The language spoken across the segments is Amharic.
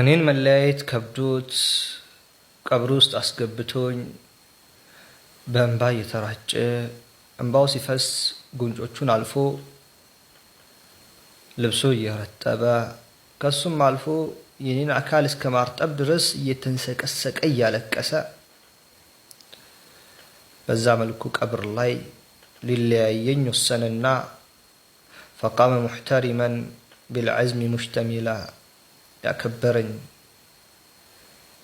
እኔን መለያየት ከብዶት ቀብር ውስጥ አስገብቶኝ በእንባ እየተራጨ እንባው ሲፈስ ጉንጮቹን አልፎ ልብሱ እየረጠበ ከሱም አልፎ የኔን አካል እስከ ማርጠብ ድረስ እየተንሰቀሰቀ እያለቀሰ በዛ መልኩ ቀብር ላይ ሊለያየኝ ወሰንና ፈቃመ ሙሕተሪመን ብልዕዝሚ ሙሽተሚላ ያከበረኝ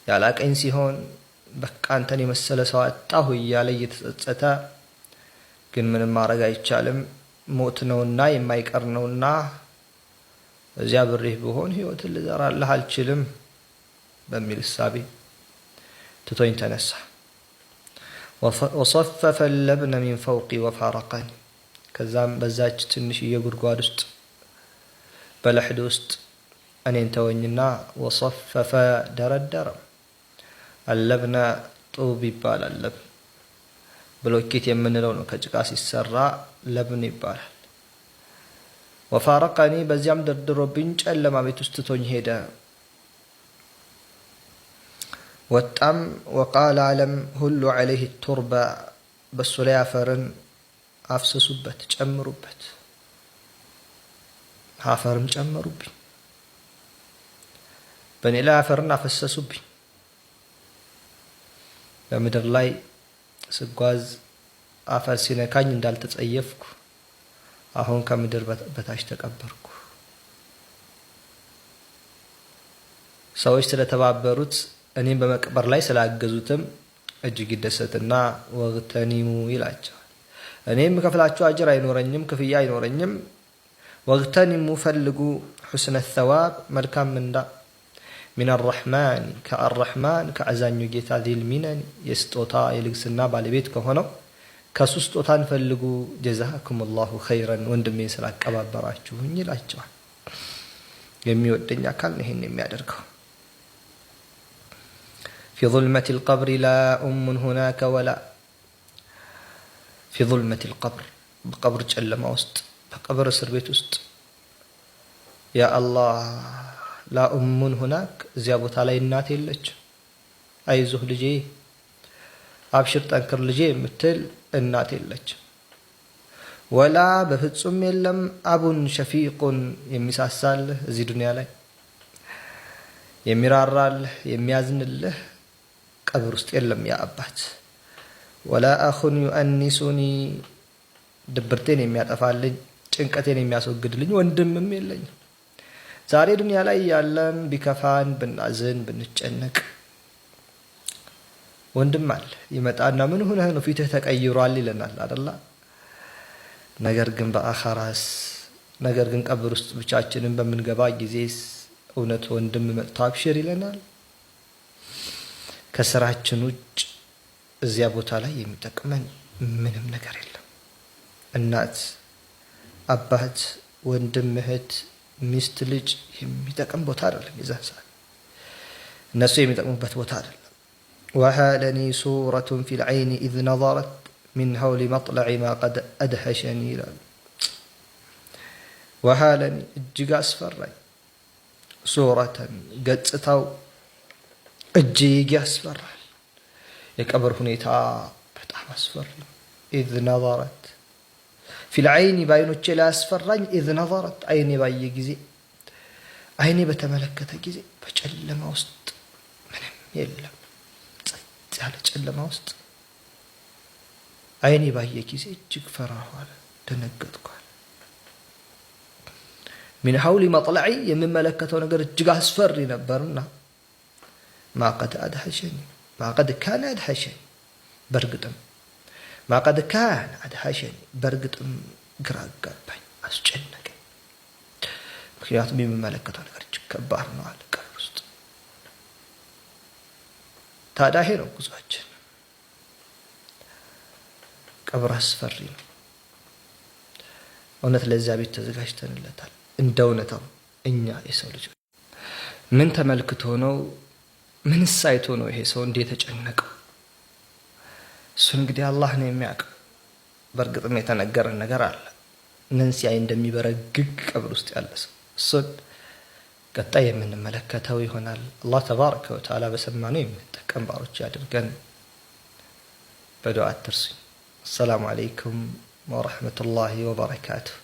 ያላቀኝ ሲሆን በቃ አንተን የመሰለ ሰው አጣሁ እያለ እየተጸጸተ ግን ምንም ማድረግ አይቻልም። ሞት ነውና የማይቀር ነውና እዚያ ብሬህ ብሆን ህይወትን ልዘራልህ አልችልም በሚል እሳቤ ትቶኝ ተነሳ። ወሰፈፈ ለብነ ሚን ፈውቂ ወፋረቀኝ። ከዛም በዛች ትንሽዬ ጉድጓድ ውስጥ በለሕድ ውስጥ እኔን ተወኝና ወሰፈፈ ደረደረ። አለብነ ጡብ ይባላል። ለብን ብሎኬት የምንለው ነው። ከጭቃ ሲሰራ ለብን ይባላል። ወፋረቀኒ በዚያም ደርድሮብኝ ጨለማ ቤት ውስጥ ትቶኝ ሄደ። ወጣም ወቃል አለም ሁሉ ዓለይህ ቱርባ በሱ ላይ አፈርን አፍስሱበት፣ ጨምሩበት። አፈርም ጨመሩብኝ። በእኔ ላይ አፈርን አፈሰሱብኝ። በምድር ላይ ስጓዝ አፈር ሲነካኝ እንዳልተጸየፍኩ አሁን ከምድር በታች ተቀበርኩ። ሰዎች ስለተባበሩት እኔም በመቅበር ላይ ስላገዙትም እጅግ ይደሰትና ወግተኒሙ ይላቸዋል። እኔም ከፍላችሁ አጅር አይኖረኝም፣ ክፍያ አይኖረኝም። ወግተኒሙ ፈልጉ፣ ሑስነ ሰዋብ መልካም ምንዳ ሚን አራሕማን ከአራሕማን ከአዛኙ ጌታ ዚል ሚነን የስጦታ የልግስና ባለቤት ከሆነው ከሱ ስጦታን ፈልጉ። ጀዛኩም ላሁ ኸይረን ወንድሜ ስላቀባበራችሁኝ ይላቸዋል። የሚወደኝ አካል ነው ይሄን የሚያደርገው። ፊ ظልመት ልቀብር ላ ኡሙን ሁናከ ወላ ፊ ظልመት ልቀብር በቀብር ጨለማ ውስጥ በቀብር እስር ቤት ውስጥ ያ አላህ ላኡሙን ሁናክ እዚያ ቦታ ላይ እናት የለች። አይዞህ ልጄ፣ አብሽር ጠንክር ልጄ የምትል እናት የለች። ወላ በፍጹም የለም። አቡን ሸፊቁን የሚሳሳልህ እዚህ ዱንያ ላይ የሚራራልህ የሚያዝንልህ ቀብር ውስጥ የለም ያ አባት። ወላ አኹን ዩአኒሱኒ ድብርቴን የሚያጠፋልኝ ጭንቀቴን የሚያስወግድልኝ ወንድምም የለኝም። ዛሬ ዱንያ ላይ ያለን ቢከፋን፣ ብናዝን፣ ብንጨነቅ ወንድም አለ ይመጣና ምን ሁነህ ነው ፊትህ ተቀይሯል ይለናል አደላ። ነገር ግን በአኸራስ ነገር ግን ቀብር ውስጥ ብቻችንን በምንገባ ጊዜስ እውነት ወንድም መጥቶ አብሽር ይለናል። ከስራችን ውጭ እዚያ ቦታ ላይ የሚጠቅመን ምንም ነገር የለም። እናት አባት፣ ወንድም፣ እህት ሚስት ልጅ የሚጠቅም ቦታ አይደለም። የዛን ሰዓት እነሱ የሚጠቅሙበት ቦታ አይደለም። ወሃለኒ ሱረቱን ፊል ዓይኒ ኢዝ ነዘረት ሚን ሀውሊ መጥለዒ ማ ቀድ አድሀሸኒ ይላሉ። ወሃለኒ እጅግ አስፈራኝ፣ ሱረተን ገጽታው እጅግ ያስፈራል። የቀብር ሁኔታ በጣም አስፈሪ ኢዝ ነዘረት ፊልአይኒ በአይኖቼ ላይ አስፈራኝ። ኢዝ ነዘረት አይኔ ባየ ጊዜ አይኔ በተመለከተ ጊዜ በጨለማ ውስጥ ምንም የለም፣ ጸጥ ያለ ጨለማ ውስጥ አይኔ ባየ ጊዜ እጅግ ፈራኋል፣ ደነገጥኳል። ሚን ሐውሊ መጥለዒ የምመለከተው ነገር እጅግ አስፈሪ ነበርና ማቀድ አድሐሸኒ ማቀድ ካን አድሐሸኒ በእርግጥም ማቀድ ካን አድሃሸኒ በእርግጥም ግራ አጋባኝ፣ አስጨነቀኝ። ምክንያቱም የሚመለከተው ነገር እጅግ ከባድ ነው አለ ቀር ውስጥ። ታዲያ ሄ ነው ጉዟችን። ቀብር አስፈሪ ነው። እውነት ለዚያ ቤት ተዘጋጅተንለታል። እንደ እውነታው እኛ የሰው ልጅ ምን ተመልክቶ ነው? ምን ሳይቶ ነው ይሄ ሰው እንደ የተጨነቀው? እሱ እንግዲህ አላህ ነው የሚያውቀው። በእርግጥም የተነገረ ነገር አለ። ምን ሲያይ እንደሚበረግግ ቀብር ውስጥ ያለ ሰው እሱን ቀጣይ የምንመለከተው ይሆናል። አላህ ተባረከ በሰማ ነው የምንጠቀም ባሮች ያድርገን። በዱዓ አትርሱኝ። አሰላሙ አለይኩም ወረሕመቱላሂ ወበረካቱሁ።